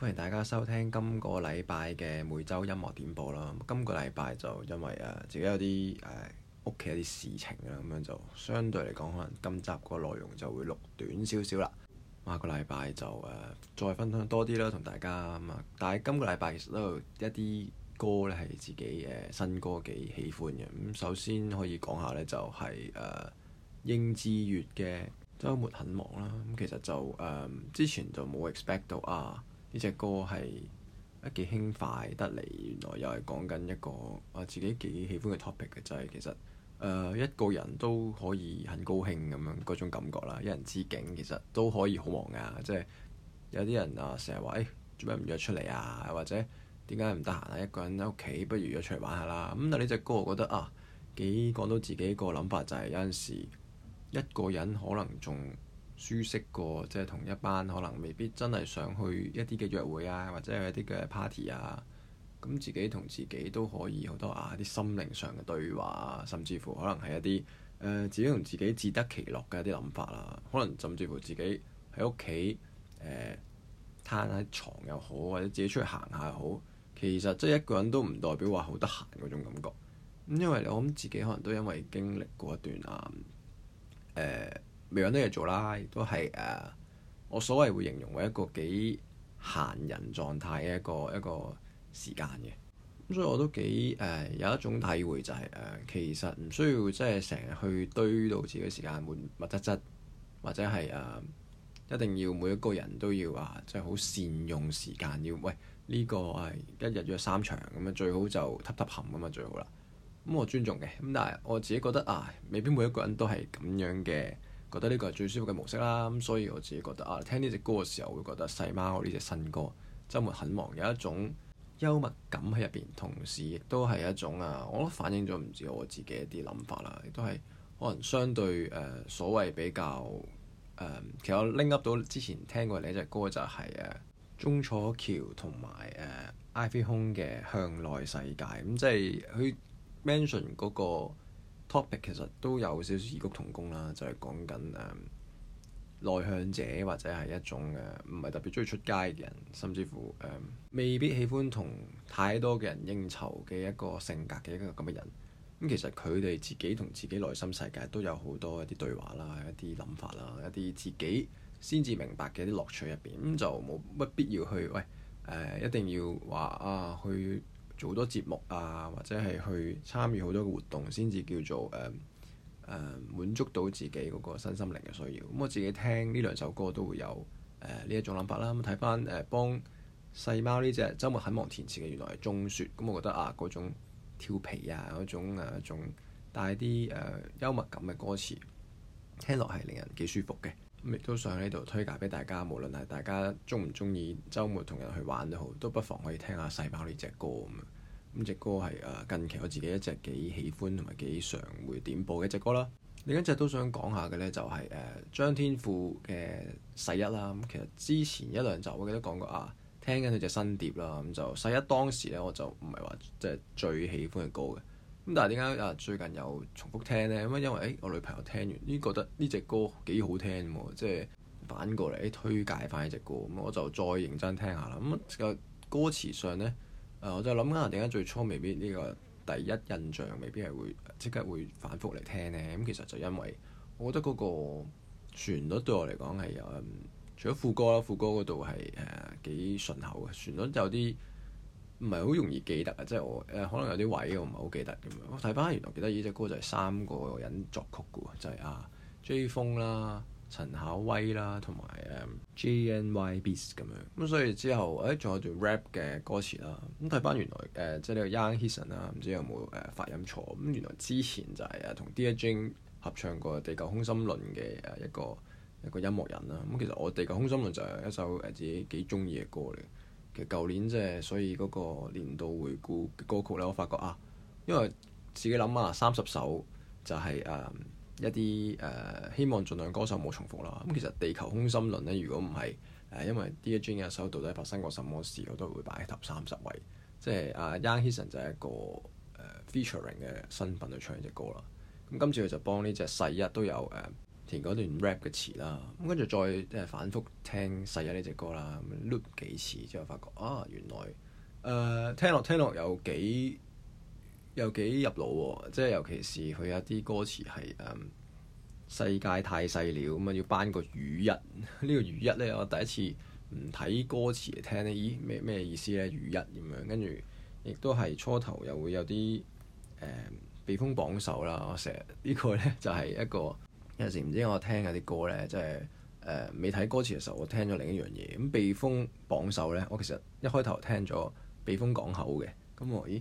歡迎大家收聽今個禮拜嘅每周音樂點播啦。今個禮拜就因為誒、啊、自己有啲誒屋企有啲事情啦，咁樣就相對嚟講，可能今集個內容就會錄短少少啦。下個禮拜就誒、呃、再分享多啲啦，同大家啊。但係今個禮拜其實都有一啲歌咧係自己誒、呃、新歌幾喜歡嘅咁、嗯，首先可以講下咧就係誒應智越嘅周末很忙啦。咁其實就誒、呃、之前就冇 expect 到啊。呢隻歌係一幾輕快得嚟，原來又係講緊一個我自己幾喜歡嘅 topic 嘅，就係、是、其實誒、呃、一個人都可以很高興咁樣嗰種感覺啦，一人之境其實都可以好忙㗎，即、就、係、是、有啲人啊成日話誒做咩唔約出嚟啊，或者點解唔得閒啊？一個人喺屋企，不如約出嚟玩下啦。咁但呢隻歌，我覺得啊幾講到自己個諗法、就是，就係有陣時一個人可能仲～舒適過，即係同一班可能未必真係想去一啲嘅約會啊，或者係一啲嘅 party 啊，咁自己同自己都可以好多啊啲心靈上嘅對話、啊、甚至乎可能係一啲誒、呃、自己同自己自得其樂嘅一啲諗法啦、啊，可能甚至乎自己喺屋企誒攤喺床又好，或者自己出去行下又好，其實即係一個人都唔代表話好得閒嗰種感覺，因為我諗自己可能都因為經歷過一段啊、呃未揾到嘢做啦，都係誒。Uh, 我所謂會形容為一個幾閒人狀態嘅一個一個時間嘅咁，所以我都幾誒、uh, 有一種體會、就係，就係誒其實唔需要即係成日去堆到自己時間滿密質質，或者係誒、uh, 一定要每一個人都要啊，即係好善用時間。要喂呢、呢個係、uh, 一日約三場咁啊，最好就揼揼冚咁啊，最好啦。咁我尊重嘅咁，但係我自己覺得啊，uh, 未必每一個人都係咁樣嘅。覺得呢個係最舒服嘅模式啦，咁所以我自己覺得啊，聽呢隻歌嘅時候會覺得細貓呢隻新歌週末很忙有一種幽默感喺入邊，同時亦都係一種啊，我都反映咗唔止我自己一啲諗法啦，亦都係可能相對誒、呃、所謂比較、呃、其實我拎 up 到之前聽過另一隻歌就係誒鍾楚橋同埋誒 Ivy 空嘅向內世界，咁、嗯、即係佢 mention 嗰個。topic 其實都有少少異曲同工啦，就係、是、講緊誒、呃、內向者或者係一種誒唔係特別中意出街嘅人，甚至乎誒、呃、未必喜歡同太多嘅人應酬嘅一個性格嘅一個咁嘅人。咁、嗯、其實佢哋自己同自己內心世界都有好多一啲對話啦、一啲諗法啦、一啲自己先至明白嘅一啲樂趣入邊。咁、嗯嗯、就冇乜必要去喂誒、呃、一定要話啊去，做好多節目啊，或者係去參與好多嘅活動，先至叫做誒、呃呃、滿足到自己嗰個身心靈嘅需要。咁我自己聽呢兩首歌都會有呢一、呃、種諗法啦。咁睇翻誒幫細貓呢隻週末很忙填詞嘅原來係中雪，咁我覺得啊嗰種調皮啊嗰種仲一、啊、帶啲誒、呃、幽默感嘅歌詞，聽落係令人幾舒服嘅。亦都想喺度推介俾大家，無論係大家鍾唔鍾意週末同人去玩都好，都不妨可以聽下細貓呢隻歌咁。咁隻歌係誒近期我自己一隻幾喜歡同埋幾常會點播嘅一隻歌啦。另一隻都想講下嘅呢，就係誒張天賦嘅《世一》啦。咁其實之前一兩集我記得講過啊，聽緊佢隻新碟啦。咁就《世一》當時呢，我就唔係話即係最喜歡嘅歌嘅。咁但係點解啊？最近又重複聽呢？咁因為誒、欸，我女朋友聽完呢，覺得呢隻歌幾好聽喎，即係反過嚟推介翻呢隻歌，咁我就再認真聽下啦。咁、嗯個歌詞上呢，誒、呃，我就諗緊啊，點解最初未必呢個第一印象未必係會即刻會反覆嚟聽呢？咁、嗯、其實就因為我覺得嗰個旋律對我嚟講係有，除咗副歌啦，副歌嗰度係誒幾順口嘅，旋律有啲。唔係好容易記得啊，即係我誒可能有啲位我唔係好記得咁樣。睇翻原來記得呢隻歌就係三個人作曲嘅喎，就係、是、啊 JAY FONG 啦、one, 陳巧威啦同埋誒 J N Y BIS 咁樣。咁所以之後誒仲、欸、有段 rap 嘅歌詞啦。咁睇翻原來誒即係呢個 YOUNG HESON 啊，唔知有冇誒發音錯。咁原來之前就係誒同 Dear Jane 合唱過《地球空心論》嘅誒一個一個音樂人啦。咁其實我《地球空心論》就係一首誒自己幾中意嘅歌嚟。其實舊年即係所以嗰個年度回顧歌曲咧，我發覺啊，因為自己諗下，三十首就係、是、誒、呃、一啲誒、呃、希望盡量歌手冇重複啦。咁、嗯、其實《地球空心論》咧，如果唔係誒，因為 Dear Jane 嘅一首到底發生過什麼事，我都會擺喺頭三十位。即係啊 y o n h i s o n 就係一個誒、呃、featuring 嘅身份去唱隻歌啦。咁、嗯、今次佢就幫呢隻世一都有誒。呃填嗰段 rap 嘅詞啦，咁跟住再即係反覆聽世一呢隻歌啦，loop 咁幾次之後發覺啊，原來誒、呃、聽落聽落有幾有幾入腦喎、啊，即係尤其是佢有啲歌詞係誒、嗯、世界太細了，咁啊要班 個宇一呢個宇一咧，我第一次唔睇歌詞嚟聽咧，咦咩咩意思咧？宇一咁樣跟住亦都係初頭又會有啲誒避風綁手啦。我成日、這個、呢個咧就係、是、一個。有陣時唔知我聽嘅啲歌呢，即係誒未睇歌詞嘅時候，我聽咗另一樣嘢。咁《避風榜首》呢，我其實一開頭聽咗《避風港口》嘅，咁我咦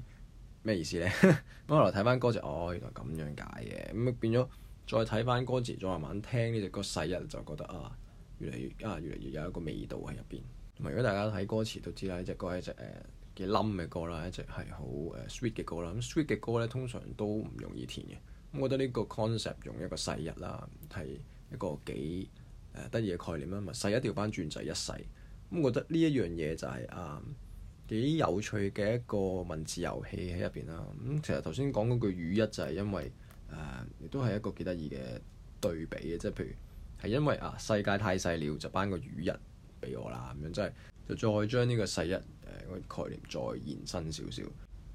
咩意思呢？咁 後來睇翻歌詞，哦，原來咁樣解嘅，咁變咗再睇翻歌詞，再慢慢聽呢隻歌，細日就覺得啊越嚟越啊越嚟越有一個味道喺入邊。同埋如果大家睇歌詞都知啦，呢隻歌係一隻誒幾冧嘅歌啦，一隻係好 sweet 嘅歌啦。sweet、嗯、嘅歌呢，通常都唔容易填嘅。咁我覺得呢個 concept 用一個世一啦，係一個幾誒得意嘅概念啦。咪世一調翻轉就係一世。咁我覺得呢一樣嘢就係啊幾有趣嘅一個文字遊戲喺入邊啦。咁、嗯、其實頭先講嗰句宇一就係因為誒亦都係一個幾得意嘅對比嘅，即係譬如係因為啊世界太細了，就頒個宇一俾我啦咁樣，即、就、係、是、就再將呢個世一誒概念再延伸少少。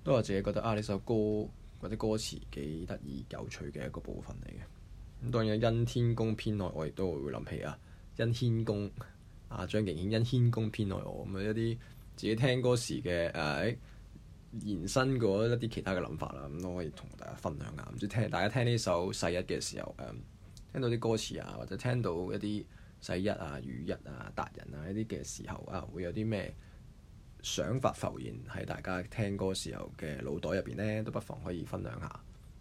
都話自己覺得啊呢首歌。或者歌詞幾得意有趣嘅一個部分嚟嘅，咁當然因天公偏愛我，亦都會諗起啊，因天公啊張敬軒因天公偏愛我，咁、嗯、啊一啲自己聽歌時嘅誒、啊欸、延伸過一啲其他嘅諗法啦，咁、嗯、都可以同大家分享下。唔知聽大家聽呢首《世一》嘅時候誒、嗯，聽到啲歌詞啊，或者聽到一啲《世一》啊《宇一》啊《達人》啊一啲嘅時候啊，會有啲咩想法浮現喺大家聽歌時候嘅腦袋入邊呢，都不妨可以分享下，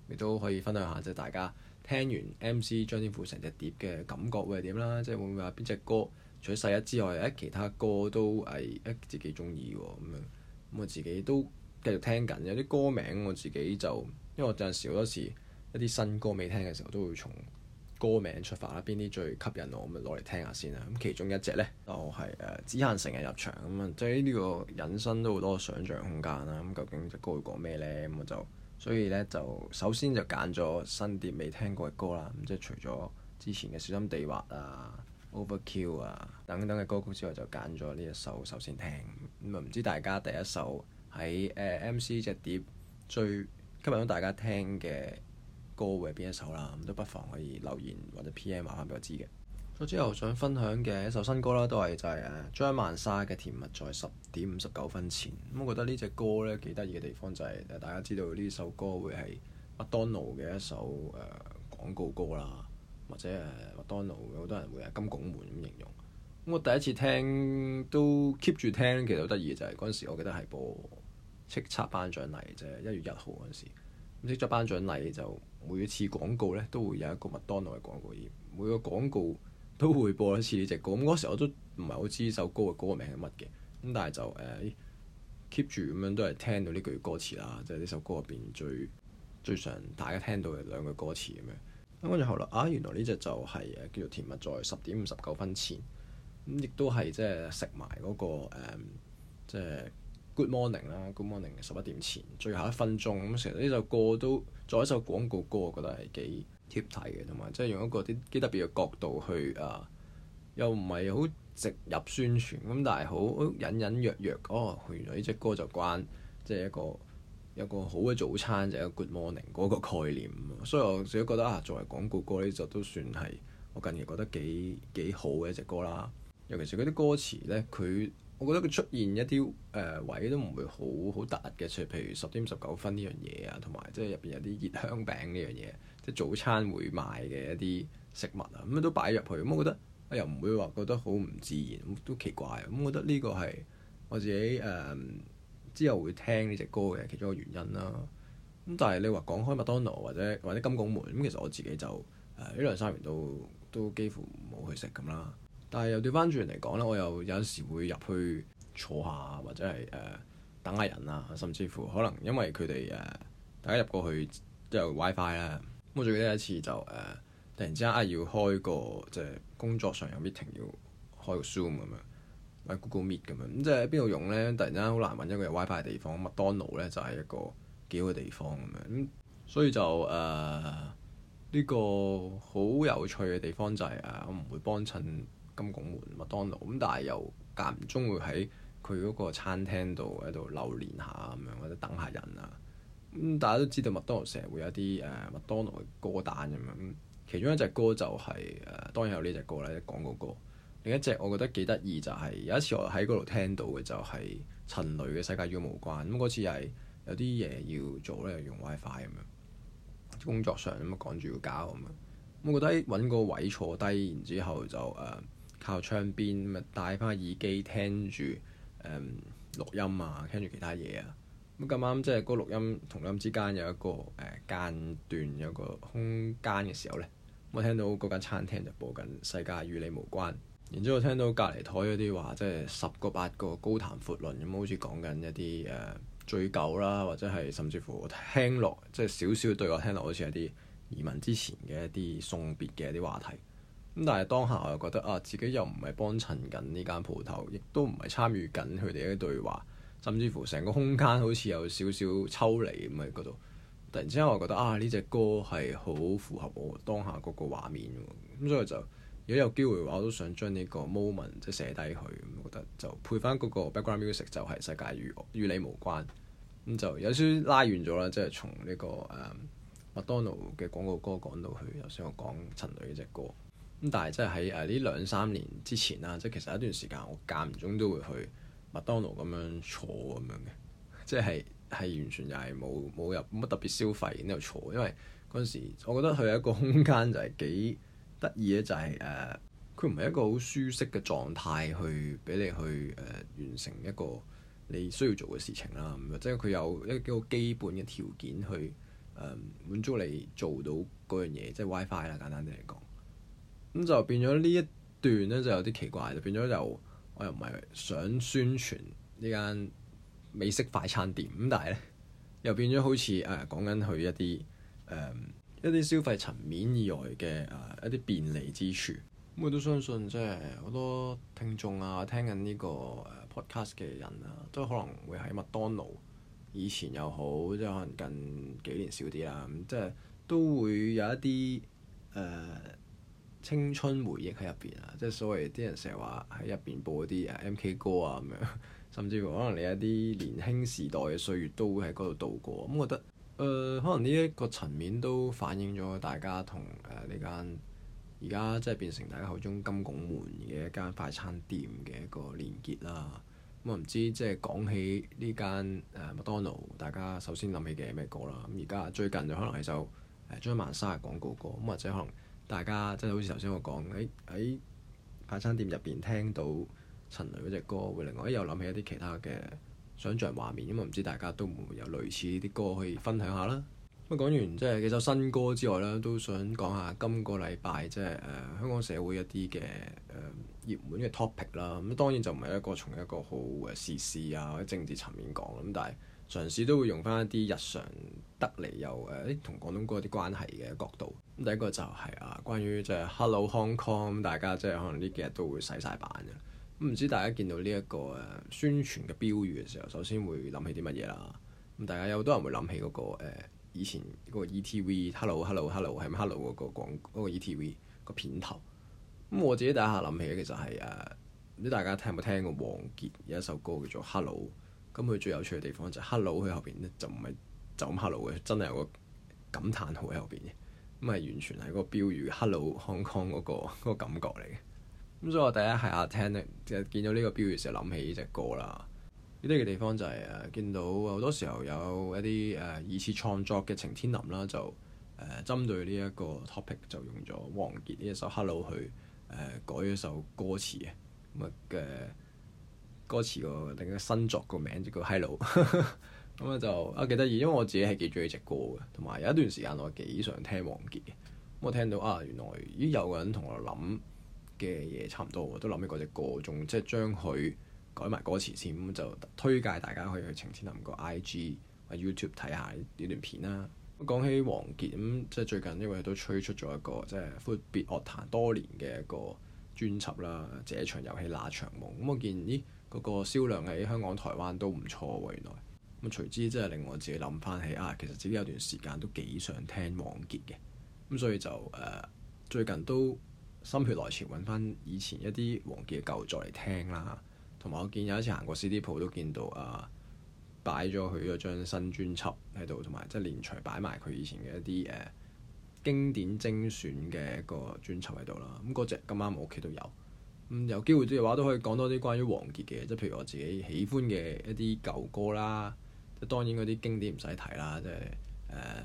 亦都可以分享下，即係大家聽完 M.C. 張天賦成隻碟嘅感覺會係點啦？即係會唔會話邊隻歌除咗《世一》之外，其他歌都係自己中意咁樣？咁我自己都繼續聽緊，有啲歌名我自己就因為我有陣時好多時一啲新歌未聽嘅時候都會從歌名出發啦，邊啲最吸引我，我咪攞嚟聽下先啦。咁其中一隻呢，就係誒只限成日入場咁啊、嗯，即係呢個引申都好多想像空間啦。咁、嗯、究竟隻歌會講咩呢？咁、嗯、我就所以呢，就首先就揀咗新碟未聽過嘅歌啦。咁、嗯、即係除咗之前嘅小心地滑啊、Overkill 啊等等嘅歌曲之外，就揀咗呢一首首先聽。咁、嗯、啊，唔知大家第一首喺、呃、MC 隻碟最吸引到大家聽嘅歌會係邊一首啦？咁都不妨可以留言或者 P.M. 下俾我知嘅。我之後想分享嘅一首新歌啦，都係就係、是、誒張曼砂嘅《甜蜜在十點五十九分前》嗯。咁我覺得呢隻歌咧幾得意嘅地方就係、是、大家知道呢首歌會係麥當勞嘅一首誒、呃、廣告歌啦，或者誒麥當勞好多人會係金拱門咁形容。咁、嗯、我第一次聽都 keep 住聽，其實好得意嘅就係嗰陣時，我記得係播叱咤頒獎禮啫，一、就是、月一號嗰陣時。唔識咗頒獎禮就每一次廣告咧，都會有一個麥當勞嘅廣告片，每個廣告都會播一次呢隻歌。咁嗰時我都唔係好知呢首歌嘅歌名係乜嘅，咁但係就誒、uh, keep 住咁樣都係聽到呢句歌詞啦，即係呢首歌入邊最最常大家聽到嘅兩句歌詞咁樣。咁跟住後來啊，原來呢隻就係叫做《甜蜜在十點五十九分前》嗯，咁亦都係即係食埋嗰個即係。嗯就是 Good morning 啦，Good morning 十一點前最後一分鐘咁其實呢首歌都作為一首廣告歌，我覺得係幾貼題嘅，同埋即係用一個啲幾特別嘅角度去啊，又唔係好直入宣傳咁、嗯，但係好隱隱約約哦，原來呢隻歌就關即係、就是、一個一個好嘅早餐就係、是、Good morning 嗰個概念。所以我自己覺得啊，作為廣告歌呢就都算係我近年覺得幾幾好嘅一隻歌啦。尤其是嗰啲歌詞呢，佢。我覺得佢出現一啲誒、呃、位都唔會好好突嘅，譬如十點十九分呢樣嘢啊，同埋即係入邊有啲熱香餅呢樣嘢，即係早餐會賣嘅一啲食物啊，咁啊都擺入去，咁我覺得又唔、哎、會話覺得好唔自然，都奇怪啊，咁我覺得呢個係我自己誒、呃、之後會聽呢隻歌嘅其中一個原因啦。咁但係你話講開麥當勞或者或者金拱門，咁其實我自己就呢、呃、兩三年都都幾乎冇去食咁啦。但係又調翻轉嚟講咧，我又有時會入去坐下，或者係誒、呃、等下人啊。甚至乎可能因為佢哋誒大家入過去都有 WiFi 咧。咁我最記得一次就誒、呃、突然之間、啊、要開個即係、就是、工作上有 meeting 要開個 Zoom 咁樣，喺、啊、Google Meet 咁樣咁，即係喺邊度用咧？突然之間好難揾一個有 WiFi 嘅地方。麥當勞咧就係一個幾好嘅地方咁樣咁，所以就誒呢、呃這個好有趣嘅地方就係、是、誒、啊、我唔會幫襯。金拱門、麥當勞咁，但係又間唔中會喺佢嗰個餐廳度喺度留連下咁樣，或者等下人啊。咁、嗯、大家都知道麥當勞成日會有啲誒麥當勞嘅歌單咁樣、嗯，其中一隻歌就係、是、誒、啊，當然有呢隻歌啦，一講嗰個歌。另一隻我覺得幾得意就係、是、有一次我喺嗰度聽到嘅就係、是、陳蕾嘅《世界與我無關》。咁、嗯、嗰次係有啲嘢要做咧，用 WiFi 咁、嗯、樣工作上咁啊、嗯、趕住要搞咁啊。我覺得揾個位坐低，然之後就誒。啊靠窗邊咪啊，戴翻耳機聽住誒、嗯、錄音啊，聽住其他嘢啊。咁咁啱即係嗰錄音同音之間有一個誒、呃、間斷有一個空間嘅時候咧，我聽到嗰間餐廳就播緊《世界與你無關》，然之後我聽到隔離枱嗰啲話，即係十個八個高談闊論咁，好似講緊一啲誒醉狗啦，或者係甚至乎聽落即係少少對我聽落好似係啲移民之前嘅一啲送別嘅一啲話題。咁但係當下我又覺得啊，自己又唔係幫襯緊呢間鋪頭，亦都唔係參與緊佢哋嘅對話，甚至乎成個空間好似有少少抽離咁喺度。突然之間，我覺得啊，呢隻歌係好符合我當下嗰個畫面咁，所以就如果有機會嘅話，我都想將呢個 moment 即係寫低佢咁，我覺得就配翻嗰個 background music 就係《世界與與你無關》，咁就有少少拉遠咗啦，即係從呢個誒麥當勞嘅廣告歌講到去，頭先我講陳蕾呢隻歌。咁但係，即係喺誒呢兩三年之前啦，即係其實一段時間，我間唔中都會去麥當勞咁樣坐咁樣嘅，即係係完全就係冇冇入乜特別消費，喺度坐。因為嗰陣時，我覺得佢有一個空間就係幾得意嘅，就係誒佢唔係一個好舒適嘅狀態去俾你去誒、呃、完成一個你需要做嘅事情啦、呃。即係佢有一個基本嘅條件去誒、呃、滿足你做到嗰樣嘢，即係 WiFi 啦，Fi，簡單啲嚟講。咁就變咗呢一段咧，就有啲奇怪，就變咗又，我又唔係想宣傳呢間美式快餐店，咁但係咧又變咗好似誒、呃、講緊佢一啲誒、呃、一啲消費層面以外嘅啊、呃、一啲便利之處。咁我都相信即係好多聽眾啊，聽緊呢個 podcast 嘅人啊，都可能會喺麥當勞以前又好，即係可能近幾年少啲啦，即係都會有一啲誒。呃青春回憶喺入邊啊，即係所謂啲人成日話喺入邊播啲 M.K 歌啊咁樣，甚至乎可能你一啲年輕時代嘅歲月都會喺嗰度度過。咁、嗯、我覺得，誒、呃、可能呢一個層面都反映咗大家同誒呢間而家即係變成大家口中金拱門嘅一間快餐店嘅一個連結啦。咁我唔知即係講起呢間誒麥當勞，大家首先諗起嘅係咩歌啦？咁而家最近就可能係首誒張蔓莎嘅廣告歌，咁或者可能。大家即係好似頭先我講喺喺快餐店入邊聽到陳雷嗰隻歌，會另外又諗起一啲其他嘅想像畫面，因為唔知大家都唔會有類似啲歌可以分享下啦。咁啊、嗯，講完即係幾首新歌之外啦，都想講下今個禮拜即係誒、呃、香港社會一啲嘅誒熱門嘅 topic 啦。咁當然就唔係一個從一個好嘅時事啊或者政治層面講咁，但係，嘗試都會用翻一啲日常得嚟又誒同、呃、廣東歌啲關係嘅角度。咁第一個就係、是、啊，關於就係 Hello Hong Kong，大家即、就、係、是、可能呢幾日都會洗晒版嘅。咁唔知大家見到呢、這、一個誒、呃、宣傳嘅標語嘅時候，首先會諗起啲乜嘢啦？咁大家有好多人會諗起嗰、那個、呃、以前嗰個 ETV Hello Hello Hello 係咪 Hello 嗰、那個廣、那個、ETV 個片頭？咁、嗯、我自己第一下諗起嘅其實係誒，唔、啊、知大家聽有冇聽過王傑有一首歌叫做 Hello。咁佢最有趣嘅地方就係 hello 佢後邊咧就唔係就咁 Hello 嘅，真係有個感嘆號喺後邊嘅，咁係完全係個標語 hello Hong Kong 嗰個嗰個感覺嚟嘅。咁所以我第一喺客廳咧就見到呢個標語時就，諗起呢隻歌啦。呢啲嘅地方就係、係、誒見到好多時候有一啲誒二次創作嘅晴天林啦，就誒、呃、針對呢一個 topic 就用咗王傑呢一首 hello 去誒、呃、改咗首歌詞啊咁嘅。歌詞個定個新作名個名 就叫《Hello》，咁咧就啊幾得意，因為我自己係幾中意隻歌嘅，同埋有一段時間我幾想聽王傑，嘅。咁我聽到啊，原來依有個人同我諗嘅嘢差唔多，我都諗起嗰隻歌，仲即係將佢改埋歌詞先。咁就推介大家可以去晴天林個 IG 或 YouTube 睇下呢段片啦。講起王傑，咁、嗯，即係最近因為都推出咗一個即係闊別樂壇多年嘅一個。專輯啦，這場遊戲那場夢，咁我見咦嗰、那個銷量喺香港、台灣都唔錯喎，原來咁隨之即係令我自己諗翻起啊，其實自己有段時間都幾想聽王傑嘅，咁所以就誒、啊、最近都心血來潮揾翻以前一啲王傑嘅舊作嚟聽啦，同、啊、埋我見有一次行過 CD 鋪都見到啊擺咗佢嗰張新專輯喺度，同埋即係連隨擺埋佢以前嘅一啲誒。啊經典精選嘅一個專輯喺度啦。咁嗰隻今晚我屋企都有咁有機會啲嘅話，都可以講多啲關於王傑嘅即係譬如我自己喜歡嘅一啲舊歌啦，即當然嗰啲經典唔使提啦。即、呃、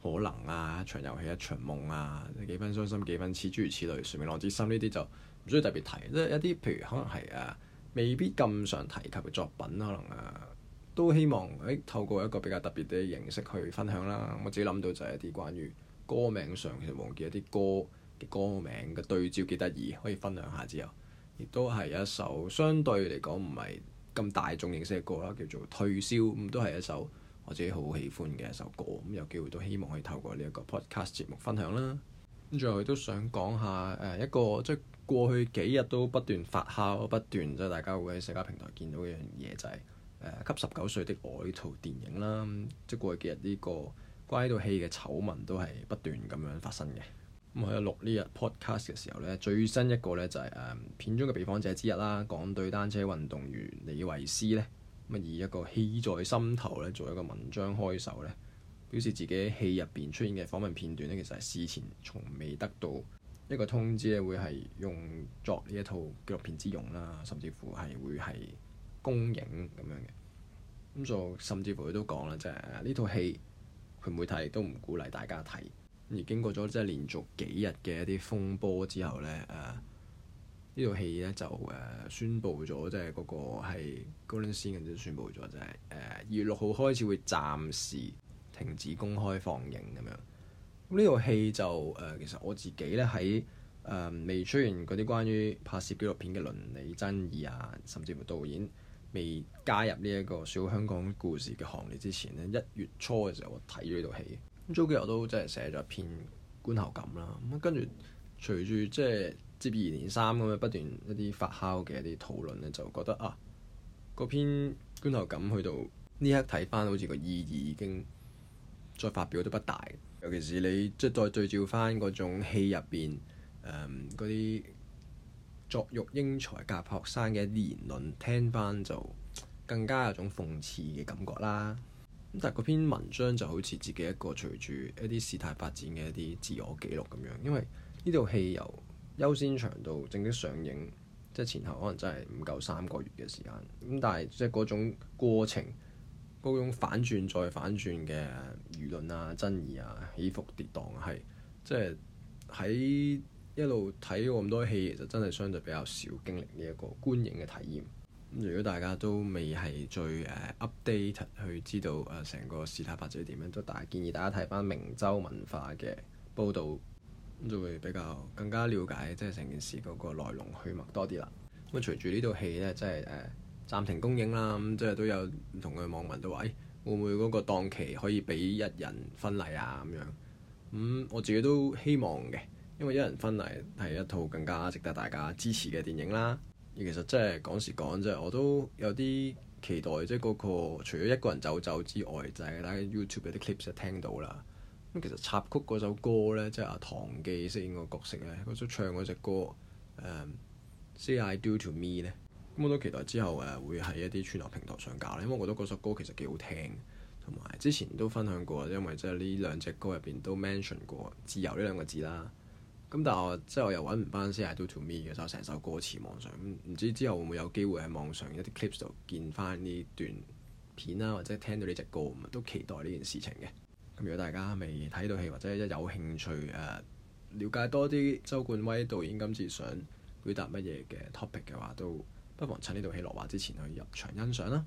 係可能啊，一場遊戲，一場夢啊，幾分傷心，幾分痴諸如此類。《誰明浪子心》呢啲就唔需要特別提，即係一啲譬如可能係誒、啊、未必咁常提及嘅作品，可能誒、啊、都希望誒、哎、透過一個比較特別嘅形式去分享啦。我自己諗到就係一啲關於。歌名上其實忘記一啲歌嘅歌名嘅對照幾得意，可以分享下之後。亦都係一首相對嚟講唔係咁大眾認識嘅歌啦，叫做《退燒》，咁都係一首我自己好喜歡嘅一首歌，咁有機會都希望可以透過呢一個 podcast 節目分享啦。跟住我亦都想講下誒、呃、一個即係、就是、過去幾日都不斷發酵、不斷即係、就是、大家會喺社交平台見到嘅一樣嘢就係、是、誒《給十九歲的我》呢套電影啦，即、嗯、係、就是、過去幾日呢、這個。關於呢套戲嘅醜聞都係不斷咁樣發生嘅。咁喺度錄呢日 podcast 嘅時候咧，最新一個咧就係誒片中嘅被訪者之一啦，港隊單車運動員李維斯咧，咁啊以一個氣在心頭咧，做一個文章開首咧，表示自己喺戲入邊出現嘅訪問片段咧，其實係事前從未得到一個通知嘅，會係用作呢一套紀錄片之用啦，甚至乎係會係公映咁樣嘅。咁就甚至乎佢都講啦，就係呢套戲。佢唔會睇，都唔鼓勵大家睇。而經過咗即係連續幾日嘅一啲風波之後咧，誒、呃、呢套、就是那個那個、戲咧就誒宣布咗，即係嗰個係高先嗰啲宣布咗，即係誒二月六號開始會暫時停止公開放映咁樣。咁呢套戲就誒、呃，其實我自己咧喺誒未出現嗰啲關於拍攝紀錄片嘅倫理爭議啊，甚至乎導演。未加入呢一個小香港故事嘅行列之前呢，一月初嘅時候我睇咗呢套戲，咁早幾日我都真係寫咗一篇觀後感啦。咁跟住隨住即係接二連三咁樣不斷一啲發酵嘅一啲討論咧，就覺得啊，嗰篇觀後感去到呢一刻睇翻，好似個意義已經再發表都不大。尤其是你即係、就是、再對照翻嗰種戲入邊誒嗰啲。嗯作育英才甲學生嘅言論，聽翻就更加有種諷刺嘅感覺啦。咁但係嗰篇文章就好似自己一個隨住一啲事態發展嘅一啲自我記錄咁樣，因為呢套戲由優先場到正式上映，即係前後可能真係唔夠三個月嘅時間。咁但係即係嗰種過程、嗰種反轉再反轉嘅輿論啊、爭議啊、起伏跌宕啊，係即係喺。一路睇咁多戲，就真係相對比較少經歷呢一個觀影嘅體驗。咁如果大家都未係最 update 去知道誒成個事態發展點樣，都大建議大家睇返明州文化嘅報導，咁就會比較更加了解即係成件事嗰個來龍去脈多啲啦。咁隨住呢套戲呢，即係誒、呃、暫停公映啦，咁即係都有唔同嘅網民都話：誒、欸、會唔會嗰個檔期可以俾一人婚禮啊？咁樣咁、嗯、我自己都希望嘅。因為一人婚禮係一套更加值得大家支持嘅電影啦。其實即、就、係、是、講時講啫，我都有啲期待，即係嗰個除咗一個人走走之外，就係、是、喺 YouTube 有啲 clips 有聽到啦。咁其實插曲嗰首歌呢，即係阿唐記飾演個角色呢，嗰首唱嗰隻歌誒、um，Say I Do to Me 呢。咁我都期待之後誒會喺一啲串流平台上架啦。因為我覺得嗰首歌其實幾好聽，同埋之前都分享過，因為即係呢兩隻歌入邊都 mention 過自由呢兩個字啦。咁但係我即係我又揾唔翻《Say I Do to Me》嘅就成首歌詞網上，唔知之後會唔會有機會喺網上一啲 clips 度見翻呢段片啦，或者聽到呢隻歌，都期待呢件事情嘅。咁如果大家未睇到戲或者一有興趣誒，瞭、啊、解多啲周冠威導演今次想表達乜嘢嘅 topic 嘅話，都不妨趁呢套戲落畫之前去入場欣賞啦。